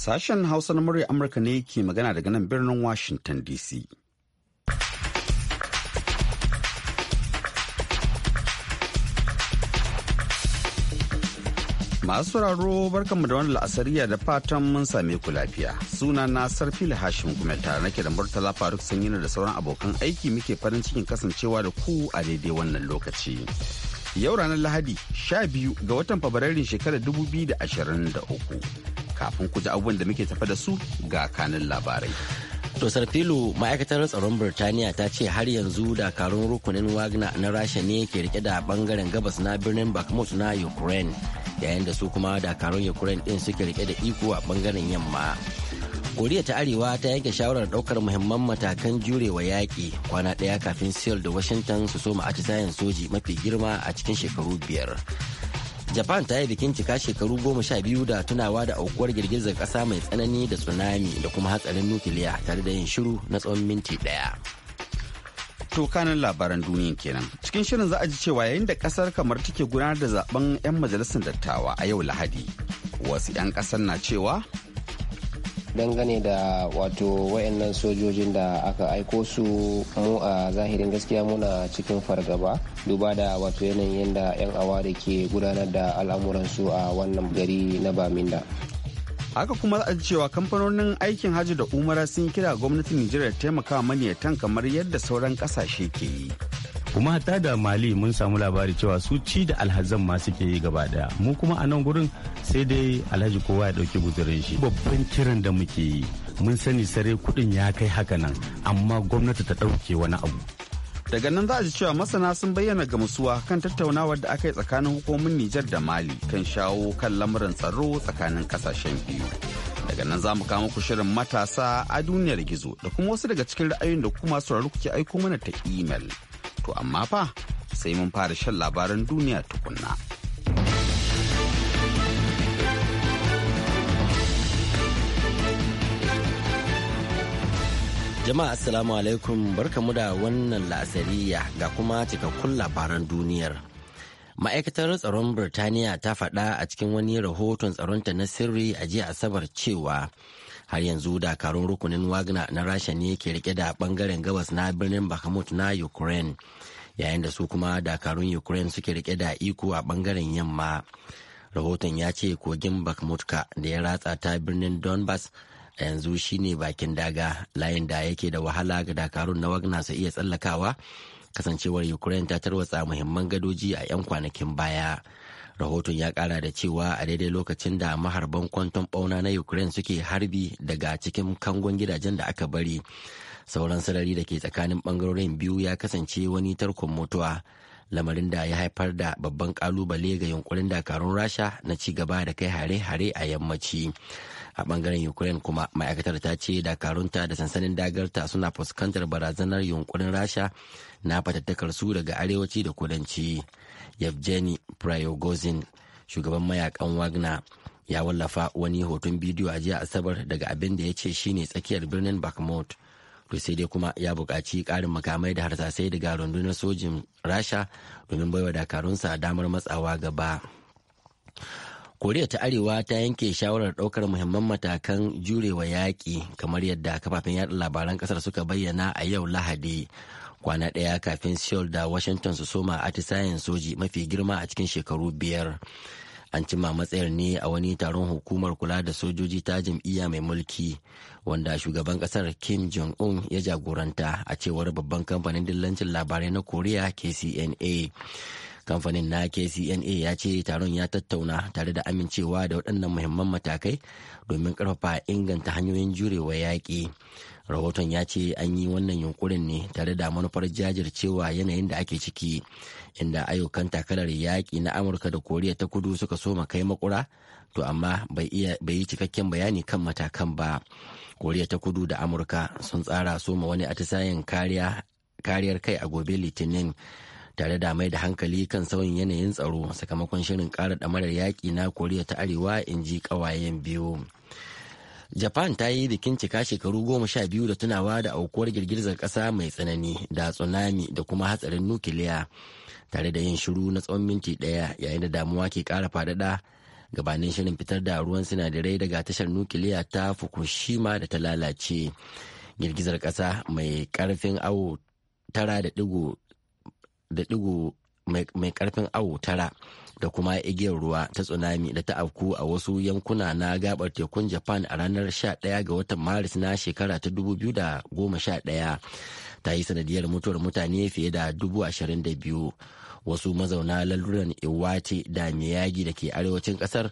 Sashen Hausa na murya Amurka ne ke magana daga nan birnin Washington DC. Masu sauraro barkanmu da wani la'asariya da fatan mun same ku lafiya. Suna na Sarfila Hashim kuma tare nake da Murtala Faruk Sanyina da sauran abokan aiki muke farin cikin kasancewa da ku a daidai wannan lokaci. Yau ranar Lahadi 12 ga watan Fabrairun shekarar 2023. kafin ku ji abubuwan da muke tafa da su ga kanin labarai. Dosar filu ma'aikatar tsaron Birtaniya ta ce har yanzu dakarun rukunin Wagner na Rasha ne ke rike da bangaren gabas na birnin Bakhmut na Ukraine yayin da su kuma dakarun Ukraine din suke rike da iko a bangaren yamma. koriya ta arewa ta yanke shawarar daukar muhimman matakan jurewa yaƙi kwana ɗaya kafin seoul da washington su soma atisayen soji mafi girma a cikin shekaru biyar japan ta yi bikin cika shekaru goma sha biyu da tunawa da aukuwar girgizar kasa mai tsanani da tsunami da kuma hatsarin nukiliya tare da yin shiru na tsawon minti daya to kanin labaran duniyan kenan cikin shirin za a ji cewa yayin da kasar kamar take gudanar da zaben 'yan majalisar dattawa a yau lahadi wasu 'yan kasar na cewa dangane da wato wayannan sojojin da aka aiko su mu a zahirin gaskiya muna cikin fargaba duba da wato yanayin yadda 'yan awa da ke gudanar da al'amuransu a wannan gari na baminda haka kuma za a cewa kamfanonin aikin hajji da umara sun kira gwamnatin nijar taimaka maniyatan kamar yadda sauran kasashe ke yi kuma hatta da mali mun samu labari cewa su ci da alhazan ma suke yi gaba daya mu kuma a nan gurin sai dai alhaji kowa ya dauki guzurin shi babban kiran da muke yi mun sani sare kudin ya kai haka nan amma gwamnati ta dauke wani abu daga nan za a ji cewa masana sun bayyana ga gamsuwa kan tattaunawar da aka yi tsakanin hukumomin nijar da mali kan shawo kan lamuran tsaro tsakanin kasashen biyu daga nan za mu kawo muku shirin matasa a duniyar gizo da kuma wasu daga cikin ra'ayoyin da kuma sauraro ke aiko mana ta imel. To amma fa sai mun fara shan labaran duniya tukunna. Jama'a Assalamu alaikum barkamu da wannan la'asariya ga kuma cikakkun labaran duniyar. Ma'aikatar tsaron Birtaniya ta faɗa a cikin wani rahoton tsaronta na sirri a jiya Asabar cewa har yanzu dakarun rukunin Wagner na Rasha ne ke rike da bangaren gabas na birnin Bakhmut na Ukraine. yayin da su kuma dakarun ukraine suke rike da iko a bangaren yamma rahoton ya ce kogin bakmutka da ya ratsa ta birnin donbas a yanzu shine bakin daga layin da yake da wahala ga dakarun na wagna su iya tsallakawa kasancewar ukraine ta tarwatsa muhimman gadoji a 'yan kwanakin baya rahoton ya kara da cewa a daidai lokacin da maharban kwanton bauna na ukraine suke harbi daga cikin kangon gidajen da aka bari sauran sarari da ke tsakanin bangarorin biyu ya kasance wani tarkon mutuwa lamarin da ya haifar da babban kalubale ga yunkurin dakarun rasha na ci gaba da kai hare-hare a yammaci a bangaren ukraine kuma ma'aikatar ta ce dakarunta da sansanin dagarta suna fuskantar barazanar yunkurin rasha na fatattakar su daga arewaci da kudanci yevgeny prigozhin shugaban mayakan wagner ya wallafa wani hoton bidiyo a jiya asabar daga abin da ya ce shine tsakiyar birnin bakhmut sai dai kuma ya buƙaci ƙarin makamai da harsasai daga rundunar sojin rasha domin baiwa dakarunsa damar matsawa gaba koriya ta arewa ta yanke shawarar ɗaukar muhimman matakan jurewa yaƙi kamar yadda kafafen yaɗa labaran ƙasar suka bayyana a yau lahadi kwana ɗaya kafin seoul da washington su soma atisayen soji mafi girma a cikin shekaru biyar an cima matsayar ne a wani taron hukumar kula da sojoji ta jam'iyya mai mulki wanda shugaban kasar kim jong-un ya jagoranta a cewar babban kamfanin dillancin labarai na Korea kcna kamfanin na kcna ya ce taron ya tattauna tare da amincewa da waɗannan muhimman matakai domin ƙarfafa inganta hanyoyin jurewa yaƙi rahoton ya ce an yi wannan yunkurin ne tare da manufar jajircewa yanayin da ake ciki inda ayyukan takarar yaƙi na amurka da koriya ta kudu suka soma kai makura to amma bai yi cikakken bayani kan matakan ba koriya ta kudu da amurka sun tsara soma wani atisayen kariyar kai a gobe litinin tare da mai da hankali kan sauyin yanayin tsaro sakamakon shirin ƙara ɗamarar yaƙi na koriya ta arewa in ji ƙawayen biyu japan ta yi bikin cika shekaru goma sha biyu da tunawa da aukuwar girgizar kasa mai tsanani da tsunami da kuma hatsarin nukiliya tare da yin shiru na tsawon minti daya yayin da damuwa ke kara fadada gabanin shirin fitar da ruwan sinadarai daga tashar nukiliya ta fukushima da ta lalace girgizar kasa mai karfin awo tara da digo mai karfin awo tara da kuma igiyar ruwa ta tsunami da ta afku a wasu yankuna na gabar tekun japan a ranar 11 ga watan maris na shekara ta 2011 ta yi sanadiyar mutuwar mutane fiye da biyu wasu mazauna laluran iwate da miyagi da ke arewacin kasar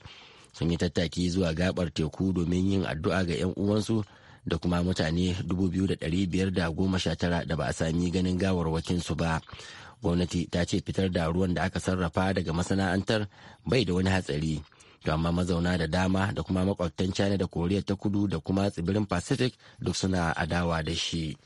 sun yi tattaki zuwa gabar teku domin yin addu'a ga 'yan uwansu da kuma mutane tara da ba a sami ganin gawarwakinsu ba gwamnati ta ce fitar da ruwan da aka sarrafa daga masana'antar bai da wani hatsari to amma mazauna da dama da kuma makwabtan china da koriya ta kudu da kuma tsibirin pacific duk suna adawa da shi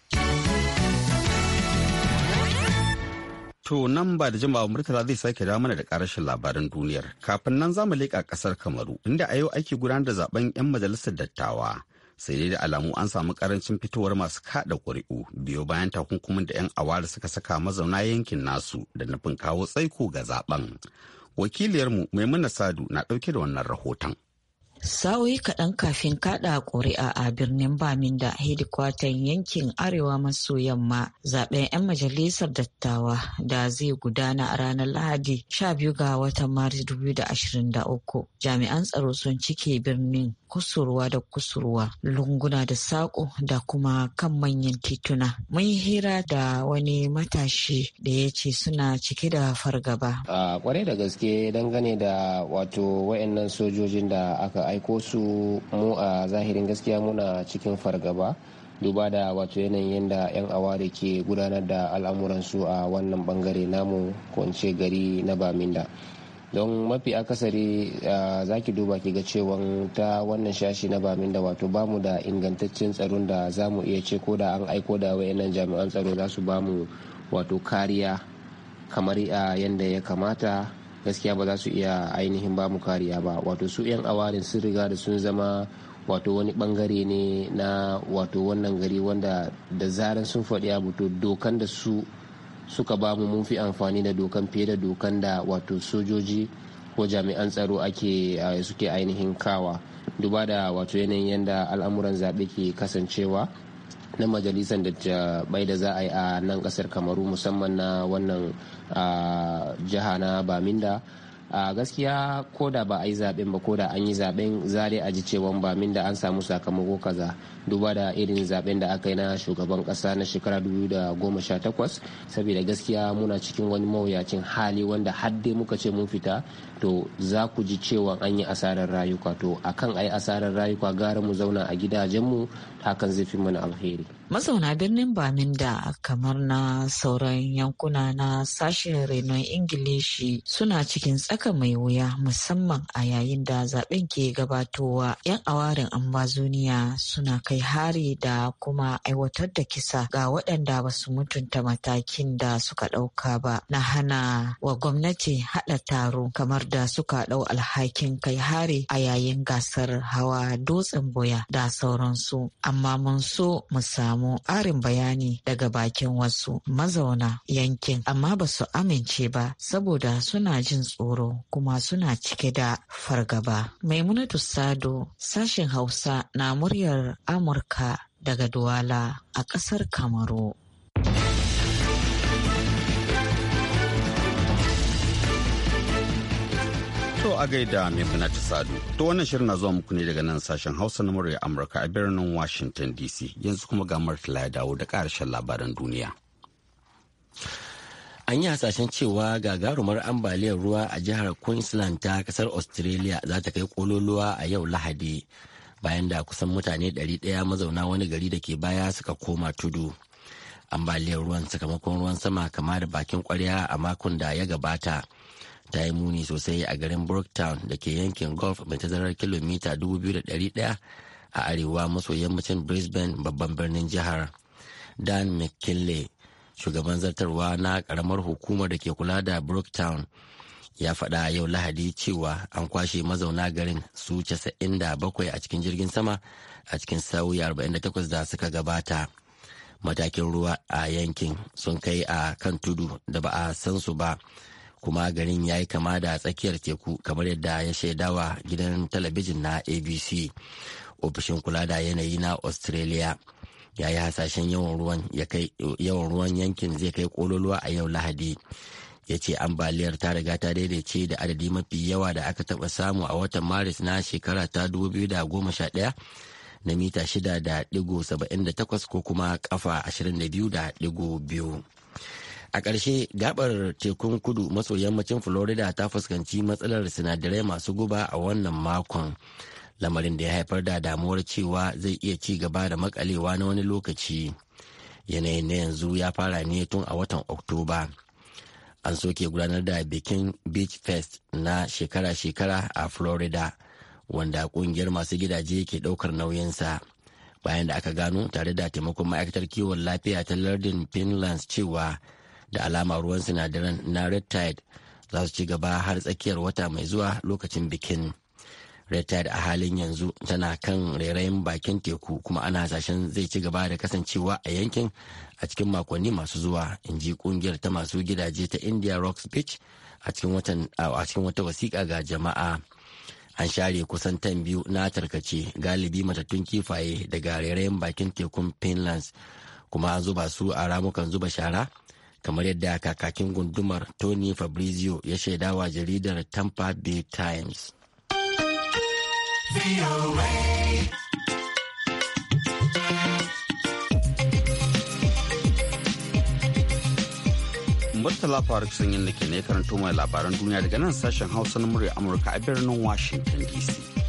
to nan ba da jimawa murtala zai sake dawo mana da karashin labaran duniyar kafin nan za mu leƙa ƙasar kamaru inda a yau ake gudanar da zaben 'yan majalisar dattawa sai dai da alamu an samu karancin fitowar masu kada ƙuri'u biyo bayan takunkumin da 'yan awara suka saka mazauna yankin nasu da nufin kawo tsaiko ga zaben wakiliyarmu maimuna sadu na ɗauke da wannan rahoton Sa'o'i kaɗan kafin kaɗa ƙuri'a a birnin Baminda hedikwatan yankin Arewa maso yamma zaɓen 'yan majalisar dattawa da zai gudana a ranar Lahadi 12 ga watan Maris 2023. Jami'an tsaro sun cike birnin kusurwa da kusurwa, lunguna da saƙo da kuma kan manyan tituna. Mun yi hira da wani matashi da ya ce suna cike da fargaba. Kwarai da gaske dangane da wato sojojin da aka aiko su mu a zahirin gaskiya muna cikin fargaba duba da wato yanayin yadda 'yan da ke gudanar da al'amuransu a wannan bangare namu kwance gari na baminda don mafi akasari za ki duba ki ga cewa ta wannan shashi na baminda wato bamu da ingantaccen tsaron da za mu iya ce ko da an aiko da wayannan jami'an tsaro za su bamu wato kariya kamar yadda ya kamata gaskiya ba za su iya ainihin ba mu kariya ba wato su 'yan awarin sun riga da sun zama wato wani bangare ne na wato wannan gari wanda da zaran sun faɗi abu to dokan da su suka ba mu mun fi amfani da dokan fiye da dokan da wato sojoji ko jami'an tsaro ake suke ainihin kawa duba da wato yanayin yadda al'amuran zaɓe ke kasancewa na majalisar da da za a yi a nan kasar kamaru musamman na wannan jiha na baminda a gaskiya ko da ba a yi zaben ba ko da an yi zaben zare a ji cewa baminda an samu sakamako kaza duba da irin zaben da aka yi na shugaban kasa na shekara 2018 saboda gaskiya muna cikin wani mawuyacin hali wanda har muka ce mun fita to za ku ji cewa an yi asarar rayuka to akan a yi asarar rayuka gara mu zauna a gidajenmu hakan zai fi mana alheri. Mazauna birnin Baminda kamar na sauran yankuna na sashen renon Ingilishi suna cikin tsaka mai wuya musamman a yayin da zaben ke gabatowa 'yan awarin ambazoniya suna kai hari da kuma aiwatar da kisa ga waɗanda ba su mutunta matakin da suka ɗauka ba na hana wa gwamnati haɗa taro kamar da suka dau alhakin kai hari a yayin gasar hawa dutsen boya da sauransu amma mun so mu samu arin bayani daga bakin wasu mazauna yankin amma ba su amince ba saboda suna jin tsoro kuma suna cike da fargaba maimunatu sado sashen hausa na muryar amurka daga Duwala a ƙasar Kamaru. To a gaida mai ta sadu. To wannan shirin na zuwa muku ne daga nan sashen Hausa na murya Amurka a birnin Washington DC. Yanzu kuma ga martala ya dawo da karshen labaran duniya. An yi hasashen cewa gagarumar ambaliyar ruwa a jihar Queensland ta kasar Australia za ta kai kololuwa a yau Lahadi bayan da kusan mutane 100 mazauna wani gari da ke baya suka koma tudu. Ambaliyar ruwan sakamakon ruwan sama kama da bakin kwarya a makon da ya gabata. ta yi muni sosai a garin brooktown da ke yankin golf mai tazarar kilomita 2,100 a arewa maso yammacin brisbane babban birnin jihar dan mckinley shugaban zartarwa na karamar hukumar da ke kula da brooktown ya faɗa yau lahadi cewa an kwashe mazauna garin su 97 a cikin jirgin sama a cikin sauyi 48 da suka gabata matakin ruwa a yankin sun kai a kan tudu da ba a san su ba kuma garin ya yi kama da tsakiyar teku kamar yadda ya shaidawa gidan talabijin na abc ofishin kula da yanayi na australia ya yi hasashen yawan ruwan yankin zai kai kololuwa a yau lahadi ya ce ambaliyar ta riga ta daidaice da adadi mafi yawa da aka taba samu a watan maris na shekara ta 2011 na mita 6.78 ko kuma kafa 22.2 a ƙarshe gabar tekun kudu maso yammacin florida ta fuskanci matsalar sinadarai masu guba a wannan makon lamarin da ya haifar da damuwar cewa zai iya ci gaba da makalewa na wani lokaci yanayin na yanzu ya fara ne tun a watan oktoba an soke gudanar da bikin beach fest na shekara-shekara a florida wanda kungiyar masu gidaje ke daukar nauyinsa bayan da aka gano tare da taimakon ma'aikatar kiwon lafiya ta lardin finland cewa da alama ruwan sinadaran na red tide za su ci gaba har tsakiyar wata mai zuwa lokacin bikin red tide a halin yanzu tana kan rairayin bakin teku kuma ana hasashen zai ci gaba da kasancewa a yankin a cikin makonni masu zuwa in ji kungiyar ta masu gidaje ta india rocks beach a cikin wata wasiƙa ga jama'a an share kusan tan biyu na tarkace galibi matattun kifaye daga rairayin bakin tekun finland kuma an zuba su a ramukan zuba shara kamar yadda kakakin gundumar tony fabrizio ya shaida wa jaridar tampa bay times Murtala Faruk sun yin ne karanto mai labaran duniya daga nan sashen Hausa na murya Amurka a birnin Washington DC.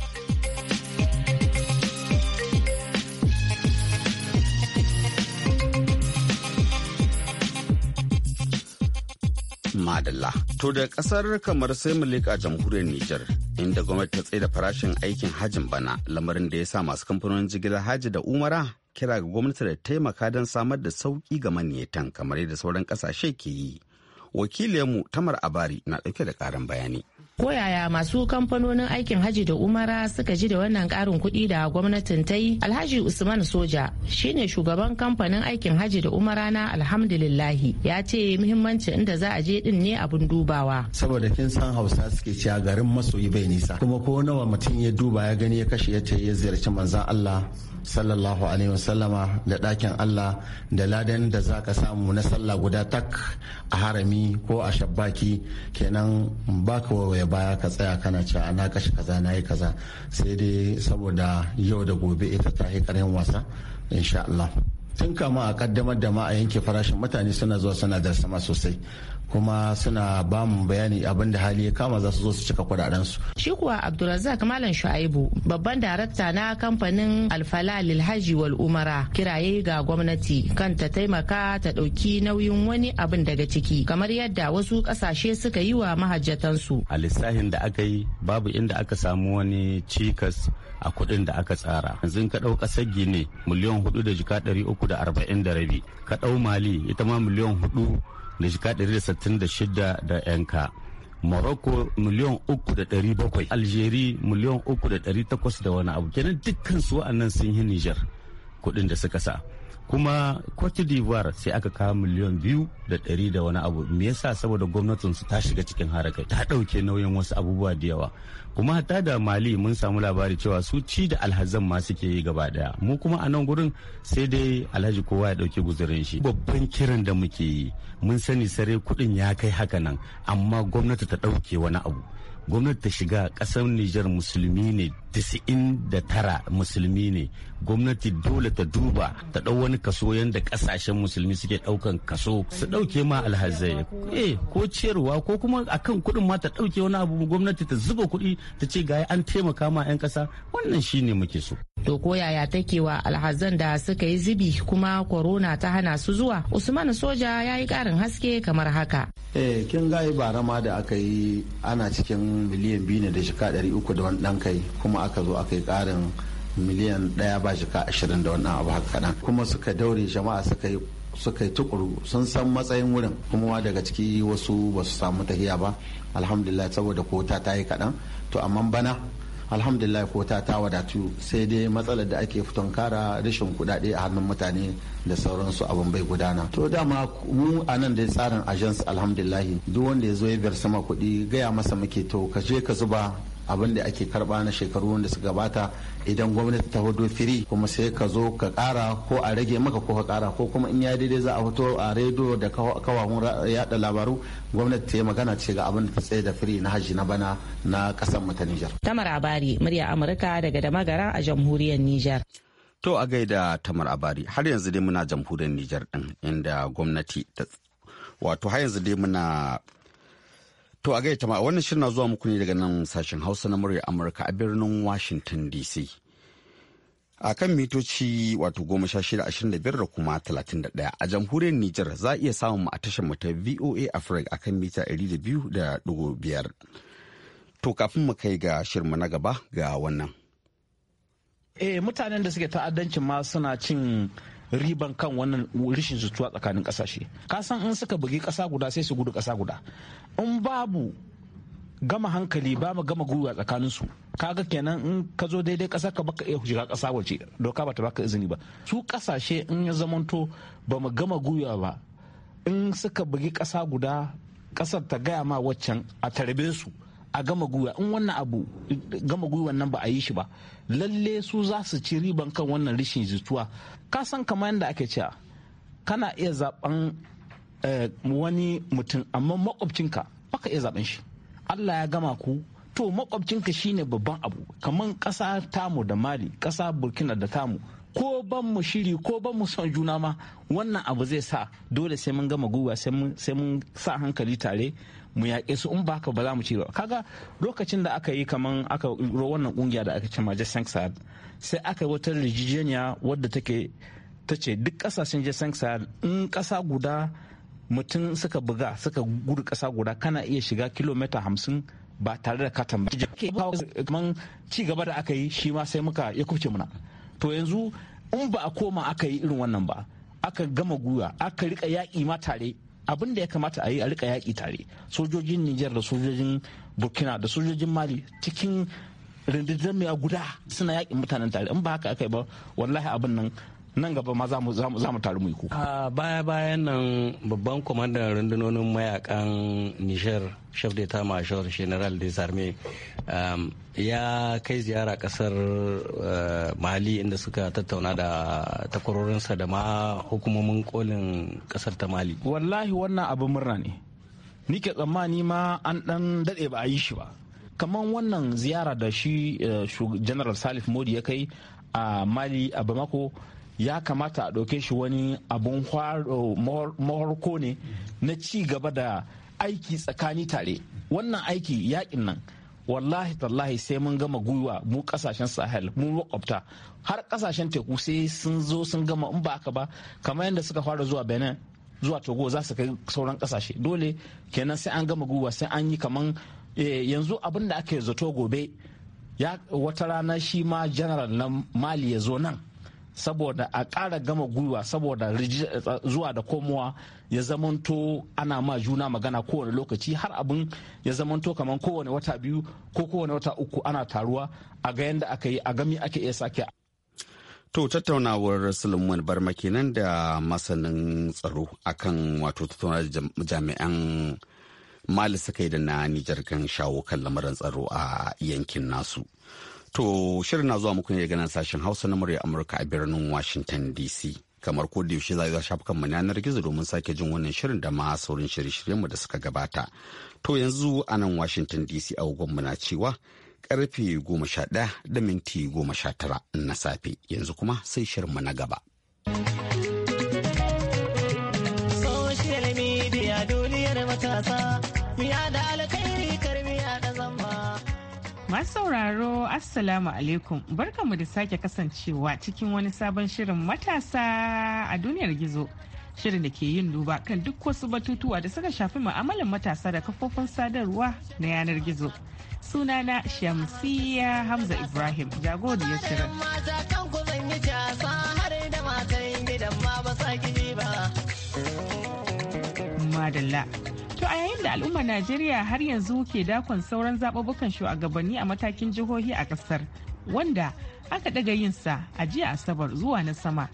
madalla. To da kasar kamar sai mu jamhuriyar Nijar inda gwamnati ta tsaye da farashin aikin hajin bana lamarin da ya sa masu kamfanonin jigilar haji da umara kira ga gwamnati da taimaka don samar da sauƙi ga maniyatan kamar yadda sauran ƙasashe ke yi. wakilinmu Tamar Abari na ɗauke da ƙarin bayani. Koyaya masu kamfanonin aikin haji da umara suka ji da wannan karin kuɗi da gwamnatin ta yi alhaji usman soja shine shugaban kamfanin aikin haji da umara na alhamdulillahi ya ce muhimmanci inda za a je din ne abin dubawa saboda kin san hausa suke cewa garin masoyi bai nisa kuma ko nawa mutum ya duba ya gani ya kashe ya ce ya ziyarci manzan allah sallallahu alaihi wasallama da ɗakin Allah da ladan da za ka samu na sallah guda tak a harami ko a shabbaki kenan ba ka waya baya ka tsaya kana a ah, na kashi kaza na yi kaza sai dai saboda yau da gobe ita ta yi karin wasa insha Allah. tun kama a kaddamar da ma a yanke farashin mutane suna zuwa suna da sama sosai kuma suna ba mu bayani abin da hali ya kama za su zo su cika kudaden su shi kuwa abdulrazak malam shu'aibu babban darakta na kamfanin alfala lilhaji wal umara kiraye ga gwamnati kan ta taimaka ta dauki nauyin wani abin daga ciki kamar yadda wasu kasashe suka yi wa mahajjatan su. a lissahin da aka yi babu inda aka samu wani cikas a kudin da aka tsara yanzu ka dau kasar gine miliyan hudu da jika ɗari uku da arba'in da rabi ka dau mali ita ma miliyan hudu da shiga 166 da yanka morocco miliyan uku da bakwai algeri miliyan uku da takwas da wani abu kenan dukkan su wa'annan sun yi nijar kuɗin da suka sa kuma cote d'ivoire sai aka kawo miliyan biyu da ɗari da wani abu me yasa saboda gwamnatin su ta shiga cikin harakai ta ɗauke nauyin wasu abubuwa da yawa kuma hatta da mali mun samu labari cewa su ci da alhazan ma suke yi gaba daya mu kuma a nan gurin sai dai alhaji kowa ya ɗauki guzurin shi babban kiran da muke yi mun sani sare kuɗin ya kai haka nan amma gwamnati ta ɗauke wani abu gwamnati ta shiga ƙasar Nijar musulmi ne 99 musulmi ne gwamnati dole ta duba ta ɗau wani kaso yadda ƙasashen musulmi suke ɗaukan kaso su ɗauke ma alhazai eh ko ciyarwa ko kuma akan kuɗin ma ta ɗauke wani abu gwamnati ta zuba kuɗi ta ce ga an taimaka ma 'yan ƙasa wannan shine muke so to ko yaya take wa alhazan da suka yi zibi kuma korona ta hana su zuwa usman soja ya yi ƙarin haske kamar haka eh kin ga bara ma da aka yi ana cikin miliyan biyu ne da shika ɗari uku da wani ɗan kai kuma aka zo aka yi ƙarin miliyan ɗaya ba shi ka ashirin da wani abu haka kaɗan kuma suka daure jama'a suka yi suka yi tukuru sun san matsayin wurin kuma daga ciki wasu ba su samu tahiya ba alhamdulillah saboda kota ta yi kaɗan to amma bana alhamdulillah kota ta wadatu sai dai matsalar da ake fiton kara rashin kuɗaɗe a hannun mutane da sauransu abin bai gudana to dama mu a nan dai tsarin agents alhamdulillah duk wanda ya zo ya biyar sama kuɗi gaya masa muke to ka je ka zuba abin da ake karba na shekaru wanda suka gabata idan gwamnati ta hudu firi kuma sai ka zo ka kara ko a rage maka ko ka kara ko kuma in ya daidai za a fito a rediyo da kawahun yada labaru gwamnati ta yi magana ce ga abin da ta tsaye da firi na haji na bana na kasan mata ta Nijar. Tamar Abari murya Amurka daga Damagara a jamhuriyar Nijar. To a gaida Tamar Abari har yanzu dai muna jamhuriyar Nijar din inda gwamnati ta wato har yanzu dai muna To a gaita ma wannan shirin na zuwa muku ne daga nan sashen Hausa na murya Amurka a birnin Washington DC. A kan mitoci wato goma sha shida ashirin da biyar da kuma talatin da ɗaya a jamhuriyar Nijar za a iya samun mu a tashar mu ta VOA Africa a kan mita ɗari da biyu da ɗigo biyar. To kafin mu kai ga shirma na gaba ga wannan. Eh mutanen da suke ta'addancin ma suna cin riban kan wannan rishin sutuwa tsakanin kasashe kasan in suka bugi kasa guda sai su gudu kasa guda in babu gama hankali ba mu gama gwiwa tsakanin su kaga kenan in ka zo daidai kasa ka baka iya shiga kasa waje doka bata baka izini ba su kasashe in ya zamanto ba mu gama gwiwa ba in suka bugi kasa guda kasar ta gaya ma waccan a tarbe su a gama gwiwa in wannan abu gama gwiwan nan ba a yi shi ba lalle su za su ci riban kan wannan rishin jituwa ka san kamar yadda ake cewa kana iya zaben eh, wani mutum amma makwabcinka baka iya zaben shi allah ya gama ku to makwabcinka shine babban abu kamar kasa tamu da mali kasa burkina da tamu ko ban mu shiri ko ban mu son juna ma wannan abu zai sa dole sai mun gama gwiwa sai mun sa hankali tare mu yaƙe su in ba haka ba za mu ci ba kaga lokacin da aka yi kaman aka ro wannan kungiya da aka ce majestic sad sai aka yi wata rijijeniya wadda take ta ce duk kasashen jason sad in kasa guda mutum suka buga suka gudu kasa guda kana iya shiga kilomita hamsin ba tare da katon ba kaman ci gaba da aka yi shi ma sai muka ya kubce muna to yanzu in ba a koma aka yi irin wannan ba aka gama guya aka rika yaƙi ma tare abin da ya kamata a yi a rika yaƙi tare sojojin Nijar da sojojin burkina da sojojin mali cikin rundunar mai guda suna yaƙin mutanen tare in ba haka aka yi ba wallahi abin nan nan gaba ma za mu taru mu kuka. baya bayan nan babban kwamandan rundunonin mayakan niger chef d'etat major general des armées um, ya kai ziyara kasar uh, mali inda suka tattauna da takwarorinsa da ma hukumomin kolin kasar ta mali wallahi wannan abin murna ne nike tsammani ma an dan daɗe ba a yi shi ba kamar wannan ziyara da shi uh, general salif modi ya kai a mali a bamako ya kamata a ɗauke shi wani abun maharko ne na ci gaba da aiki tsakani tare wannan aiki yaƙin nan wallahi tallahi sai mun gama gwiwa mu kasashen sahel mu makwabta har kasashen teku sai sun zo sun gama in ba aka ba kamar yadda suka fara zuwa benin zuwa togo za su kai sauran kasashe dole kenan sai an gama gwiwa sai an yi kaman eh, yanzu abin da aka zato gobe ya wata rana shi ma general na mali ya zo nan saboda a ƙara gama gwiwa saboda eh, zuwa da komowa ya zamanto ana ma juna magana kowane lokaci har abin ya zamanto kamar kowane wata biyu ko kowane wata uku ana taruwa a ga yadda aka yi a gami ake iya sake To tattaunawar sulman Barma kenan da masanin tsaro akan wato tattauna jami'an Mali suka yi da na Nijar kan shawo kan lamarin tsaro a yankin nasu. To shirin na zuwa muku ne daga nan sashen Hausa na murya Amurka a birnin Washington DC. Kamar ko da yaushe za a shafukan mu yanar gizo domin sake jin wannan shirin da ma saurin shirye-shiryen mu da suka gabata. To yanzu a nan Washington DC a mu na cewa karfe goma sha ɗaya da minti goma sha tara na safe yanzu kuma sai shirin mu na gaba. Masu sauraro Assalamu alaikum mu da sake kasancewa cikin wani sabon shirin matasa a duniyar gizo. Shirin da ke yin duba kan duk wasu batutuwa da suka shafi ma'amalan matasa da kafofin sadarwa na yanar gizo. Sunana Shamsiya Hamza Ibrahim jagoriyar shirin. Madalla. To a yayin da al'ummar Najeriya har yanzu ke dakon sauran zababukan shugabanni a matakin jihohi a kasar wanda aka ɗaga yinsa a jiya Asabar zuwa na sama.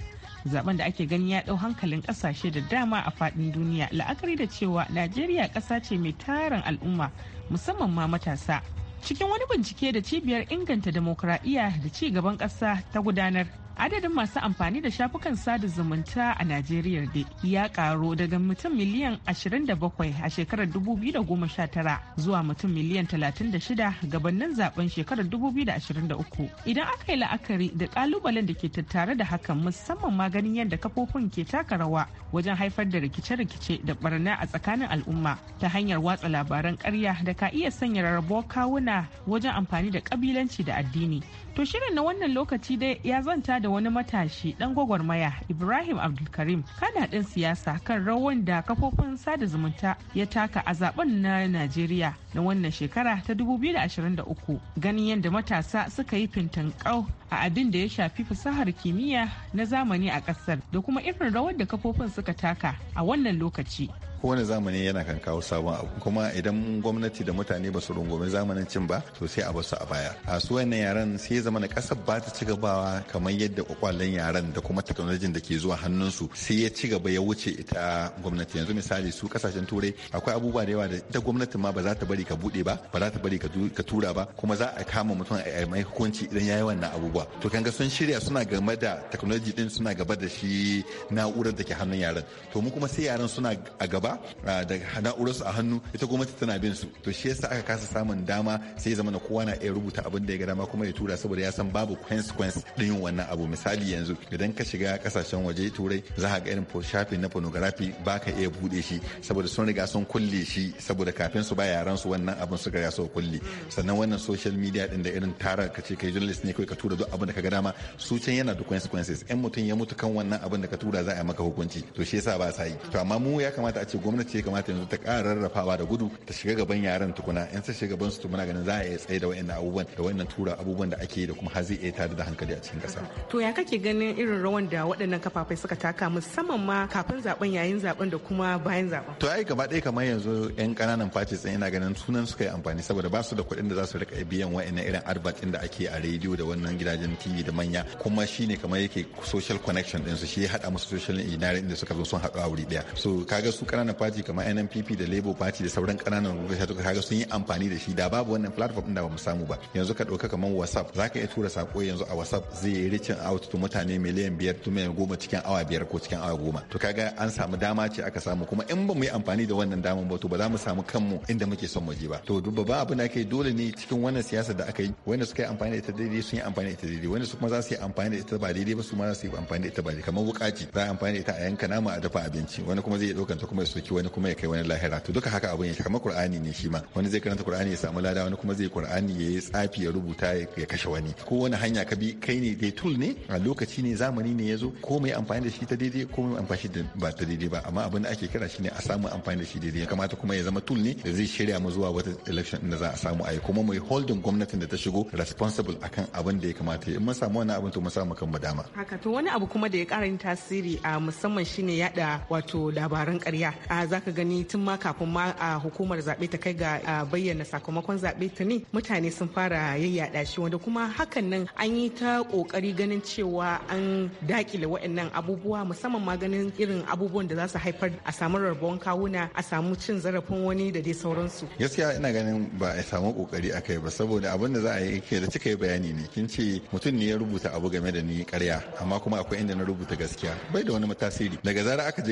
Zaben da ake gani ya ɗau hankalin ƙasashe da dama a faɗin duniya la'akari da cewa Najeriya ƙasa ce mai tarin al'umma musamman ma matasa. Cikin wani bincike da cibiyar inganta demokradiyya da ci gaban ƙasa ta gudanar adadin masu amfani da shafukan sada zumunta a najeriya da ya karu daga mutum miliyan 27 a shekarar 2019 zuwa mutum miliyan 36 gabanin zaben shekarar 2023 idan aka yi la'akari da kalubalen da ke tattare da hakan musamman maganin yadda kafofin ke taka rawa wajen haifar da rikice-rikice da barna a tsakanin al'umma ta hanyar watsa labaran karya da ka iya sanya rarrabuwar kawuna wajen amfani da kabilanci da addini To shirin na wannan lokaci dai ya zanta da wani matashi dan gwagwarmaya Ibrahim Abdulkarim kana ɗin siyasa kan rawan da kafofin sada zumunta ya taka a zaben na Najeriya na wannan shekara ta 2023 ganin yadda matasa suka yi fintankau a abin da ya shafi fasahar kimiyya na zamani a ƙasar da kuma irin rawar da kafofin suka taka a wannan lokaci. kowane zamani yana kan kawo sabon abu kuma idan gwamnati da mutane ba su rungumi zamanin cin ba to sai a basu a baya a su wannan yaran sai ya zama na kasar ba ta ci gabawa kamar yadda kwakwalen yaran da kuma teknolojin da ke zuwa hannunsu sai ya ci gaba ya wuce ita gwamnati yanzu misali su kasashen turai akwai abubuwa da yawa da ita gwamnati ma ba za ta bari bari ka bude ba ba za ta bari ka tura ba kuma za a kama mutum a mai hukunci idan ya yi wannan abubuwa to kan ga sun shirya suna game da technology din suna gaba da shi na'urar da ke hannun yaran to mu kuma sai yaran suna a gaba da na'urar su a hannu ita gwamnati tana bin su to shi yasa aka kasa samun dama sai zama na kowa na iya rubuta abin da ya ga dama kuma ya tura saboda ya san babu consequence din yin wannan abu misali yanzu idan ka shiga kasashen waje turai za ka ga irin shafin na pornography ba ka iya bude shi saboda sun riga sun kulle shi saboda kafin su ba yaran su wannan abin suka ya sau kulle sannan wannan social media din da irin tara ka ce kai journalist ne kai ka tura duk abin da ka ga dama su can yana da consequences in mutum ya mutu kan wannan abin da ka tura za a yi maka hukunci to shi yasa ba sa yi to amma mu ya kamata a ce gwamnati ya kamata yanzu ta ƙara rarrafawa da gudu ta shiga gaban yaran tukuna in ta shiga gaban su tukuna ganin za a iya tsaye da wayannan abubuwan da wayannan tura abubuwan da ake da kuma har zai iya tada da hankali a cikin ƙasa to ya kake ganin irin rawan da waɗannan kafafai suka taka musamman ma kafin zaben yayin zaben da kuma bayan zaben to ai gaba ɗaya kamar yanzu yan ƙananan fatis ina ganin sunan suka yi amfani saboda ba su da kuɗin da za su rika biyan wa'annan irin ɗin da ake a rediyo da wannan gidajen tv da manya kuma shine kamar yake social connection ɗinsu shi ya haɗa musu social engineering da suka zo sun haɗu a wuri ɗaya so kaga su ƙananan party kamar nnpp da labour party da sauran ƙananan gwamnati kaga sun yi amfani da shi da babu wannan platform ɗin da ba mu samu ba yanzu ka ɗauka kamar whatsapp za ka iya tura sako yanzu a whatsapp zai yi rikin out to mutane miliyan biyar to miliyan goma cikin awa biyar ko cikin awa goma to kaga an samu dama ce aka samu kuma in ba mu yi amfani da wannan daman ba to ba za mu samu kanmu inda muke son waje ba to duk ba abin da ake dole ne cikin wannan siyasa da aka yi wanda suka yi amfani da ita daidai sun yi amfani da ita daidai wanda su kuma za su yi amfani da ita ba daidai ba su ma za su yi amfani da ita ba daidai kamar wukaci za a amfani da ita a yanka nama a dafa abinci wani kuma zai ɗaukan ta kuma ya soki wani kuma ya kai wani lahira to duka haka abin ya kamar qur'ani ne shi ma wani zai karanta qur'ani ya samu lada wani kuma zai qur'ani ya yi tsafi ya rubuta ya kashe wani ko wani hanya ka bi kai ne dai tool ne a lokaci ne zamani ne ya zo ko mai amfani da shi ta daidai ko mai amfani da ba ta daidai ba amma abin da ake kira shi ne a samu amfani da shi daidai kamata kuma ya zama tool ne da zai shirya mu zuwa wata election da za a samu a yi kuma mai holding gwamnatin da ta shigo responsible akan abin da ya kamata in mun samu wannan abin to mun samu kan dama haka to wani abu kuma da ya kara tasiri a musamman shine yada wato labaran ƙarya a zaka gani tun ma kafin ma a hukumar zaɓe ta kai ga bayyana sakamakon zaɓe ta ne mutane sun fara yayyada shi wanda kuma hakan nan an yi ta kokari ganin cewa an dakile waɗannan abubuwa musamman ma ganin irin abubuwan da za su haifar a samu rabuwan kawuna a samu cin zarafin wani da dai sauransu gaskiya ina ganin ba a samu kokari kai ba saboda abin da za a yi ke da cika bayani ne kin ce mutum ne ya rubuta abu game da ni karya amma kuma akwai inda na rubuta gaskiya bai da wani matasiri daga zarar aka je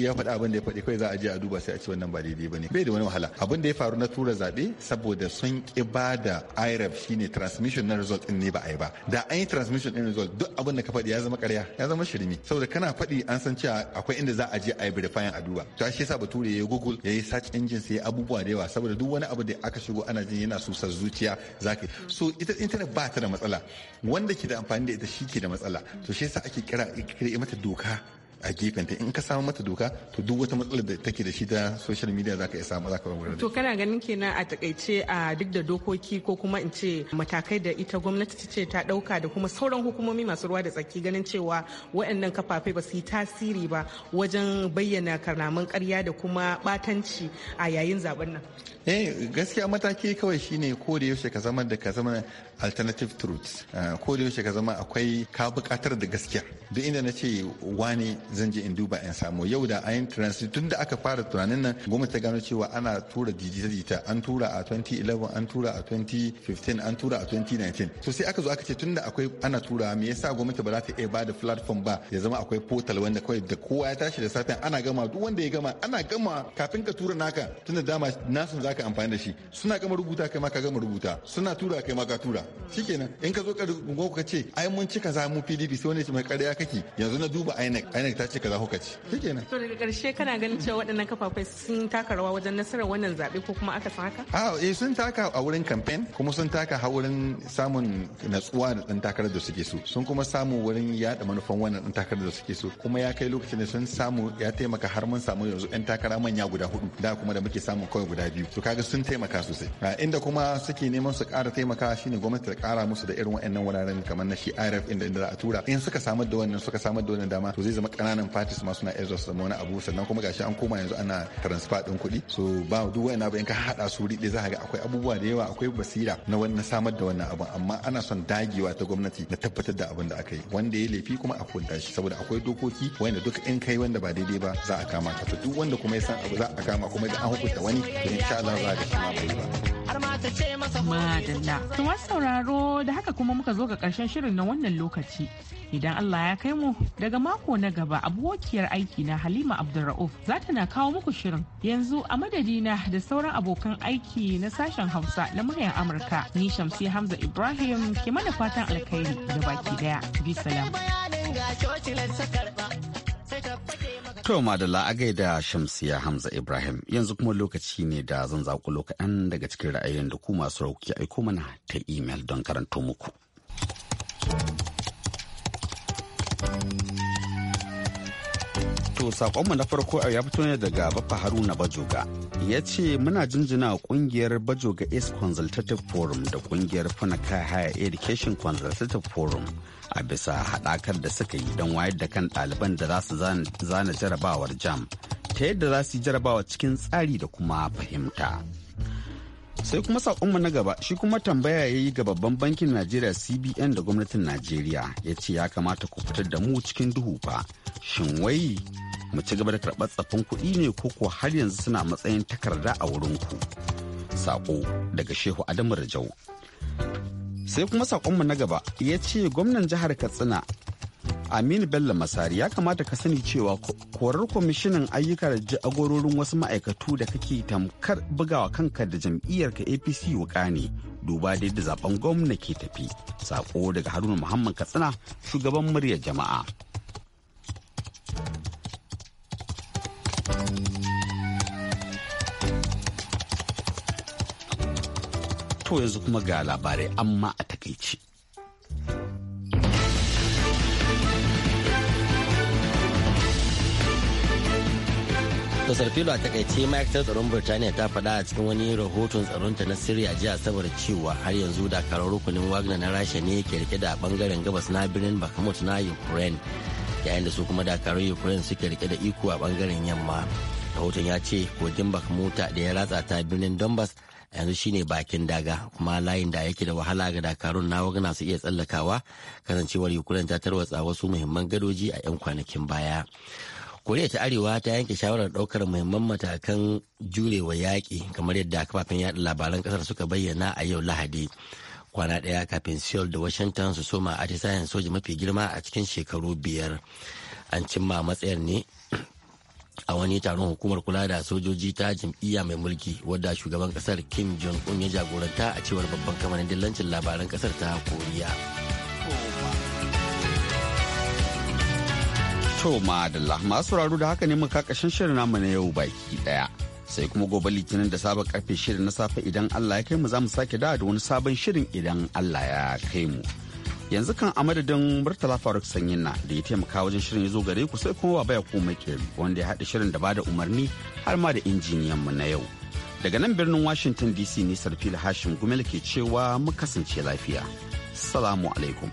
ya faɗi abin da ya faɗi kai za a je a duba sai a ce wannan ba daidai bane bai da wani wahala abin da ya faru na tura zabe saboda sun ki ba da irf e shine transmission na result din ne ba a yi ba da an yi transmission din result duk abin da ka faɗi ya zama karya ya zama shirmi saboda kana faɗi an san cewa akwai inda za a je a yi verifying a duba to shi yasa bature ya yi Google ya yi search engine sai abubuwa da yawa saboda duk wani abu da aka shigo ana jin yana susar zuciya zaki so ita internet ba ta da matsala wanda ke da amfani da ita shi ke da matsala to shi yasa ake kira mata doka a gefenta in ka samu mata doka to duk wata matsala da take da shi ta social media za ka iya samu za ka warware to kana ganin kenan a takaice a duk da dokoki ko kuma in ce matakai da ita gwamnati ta ce ta dauka da kuma sauran hukumomi masu ruwa da tsaki ganin cewa waɗannan kafafai ba su yi tasiri ba wajen bayyana karnaman karya da kuma batanci a yayin zaben nan eh gaskiya mataki kawai shine ko da yaushe ka zama da ka zama alternative truth ah, ko da yaushe ka zama akwai ka bukatar da gaskiya duk inda na ce wani zan je in duba in samu yau da an transit tun da aka fara tunanin nan gwamnati ta gano cewa ana tura jita-jita an tura a 2011 an tura a 2015 an tura a 2019 so sai aka zo aka ce tun da akwai ana tura me yasa gwamnati ba za ta iya bada platform ba ya zama akwai portal wanda kawai da kowa ya tashi da safen ana gama duk wanda ya gama ana gama kafin ka tura naka da dama za ka amfani da shi suna gama rubuta kai ma ka gama rubuta suna tura kai ma ka tura shikenan in ka zo ka ka ce ai mun cika za mu PDP sai wani mai ƙarya kake yanzu na duba INEC INEC ta ce ka kaza ka ci shi kenan to daga karshe kana ganin cewa waɗannan kafafai sun taka rawa wajen nasarar wannan zaɓe ko kuma aka san haka a eh sun taka a wurin campaign kuma sun taka a wurin samun natsuwa da ɗan takarar da suke so sun kuma samu wurin yaɗa manufan wannan ɗan takarar da suke so kuma ya kai lokacin da sun samu ya taimaka har mun samu yanzu ɗan takara manya guda hudu da kuma da muke samun kawai guda biyu to kaga sun taimaka sosai inda kuma suke neman su ƙara taimaka shine gwamnati ta ƙara musu da irin waɗannan wuraren kamar na shi IRF inda inda za a tura in suka samar da wannan suka samar da wannan dama to zai zama kananan parties ma suna iya zama wani abu sannan kuma gashi an koma yanzu ana transfer din kuɗi so ba duk wani abu in ka haɗa su wuri ɗaya za ka ga akwai abubuwa da yawa akwai basira na wannan samar da wannan abun amma ana son dagewa ta gwamnati na tabbatar da abin da aka yi wanda ya laifi kuma a kunta shi saboda akwai dokoki wanda duk in kai wanda ba daidai ba za a kama ka to duk wanda kuma ya san abu za a kama kuma da an hukunta wani to insha Allah za ka shi ma bai ba. ta ce masa madalla to ta. sauraro da haka kuma muka zo ga karshen shirin na wannan lokaci idan Allah ya kai mu daga mako na gaba abokiyar aiki na Halima Abdulra'uf za ta na kawo muku shirin yanzu a madadina da sauran abokan aiki na sashen Hausa na muryar Amurka ni Shamsi Hamza Ibrahim ke mana fatan alkhairi da baki daya bisalam. To Madalla a gaida Shamsiya Hamza Ibrahim yanzu kuma lokaci ne da zan zaƙulo lokacin daga cikin ra'ayoyin da ku masu rauki aiko mana ta imel don karanto muku. To sakonmu na farko ya fito ne daga Baffa Haruna Bajoga. Ya ce muna jinjina kungiyar Bajoga East Consultative Forum da kungiyar Funaka Higher Education Consultative Forum a bisa haɗakar da suka yi don wayar da kan ɗaliban da za su zana jarabawar jam ta yadda za su yi jarabawa cikin tsari da kuma fahimta. sai kuma saƙonmu na gaba shi kuma tambaya ya yi ga babban bankin najeriya cbn da gwamnatin najeriya ya ce ya kamata ku fitar da mu cikin duhu fa shin wai mu ci gaba da karɓar tsaffin kuɗi ne ko ko har yanzu suna matsayin takarda a wurin ku saƙo daga shehu adamu rajau sai kuma saƙonmu na gaba ya ce gwamnan jihar katsina Aminu Bello Masari ya kamata ka sani cewa korar kwamishinan ayyukan jagororin wasu ma'aikatu da kake tamkar bugawa kanka da jam'iyyar ka APC wuka ne duba da yadda zaben gwamna ke tafi. Sako daga Haruna Muhammad Katsina shugaban muryar jama'a. To yanzu kuma ga labarai amma a takaici. to filo a takaice ma'aikatar tsaron birtaniya ta faɗa a cikin wani rahoton tsaronta na siriya jiya saboda cewa har yanzu dakarun rukunin wagner na rasha ne ke rike da bangaren gabas na birnin bakamut na ukraine yayin da su kuma dakarun ukraine suke rike da iko a bangaren yamma rahoton ya ce kogin bakamuta da ya ratsa ta birnin donbas yanzu shine bakin daga kuma layin da yake da wahala ga dakarun na wagana su iya tsallakawa kasancewar ukraine ta tarwatsa wasu muhimman gadoji a 'yan kwanakin baya koriya ta arewa ta yanke shawarar ɗaukar muhimman matakan jurewa yaƙi kamar yadda kafafen yaɗa labaran ƙasar suka bayyana a yau lahadi kwana ɗaya kafin seoul da washington su soma atisayen soja mafi girma a cikin shekaru biyar an cimma matsayar ne a wani taron hukumar kula da sojoji ta jam'iyya mai mulki wadda shugaban kasar kim jong un ya jagoranta a cewar babban kamar dillancin labaran kasar ta koriya. To madalla masu raro da haka ne muka kashin shirin namu na yau baki daya. Sai kuma gobe litinin da sabon karfe shirin na safe idan Allah ya kai mu za mu sake da wani sabon shirin idan Allah ya kai mu. Yanzu kan a madadin Murtala Faruk Sanyin na da ya taimaka wajen shirin ya zo gare ku sai kuma baba ya koma ke wanda ya haɗa shirin da bada umarni har ma da injiniyan mu na yau. Daga nan birnin Washington DC ne Sarfil Hashim Gumel ke cewa mu kasance lafiya. Salamu alaikum.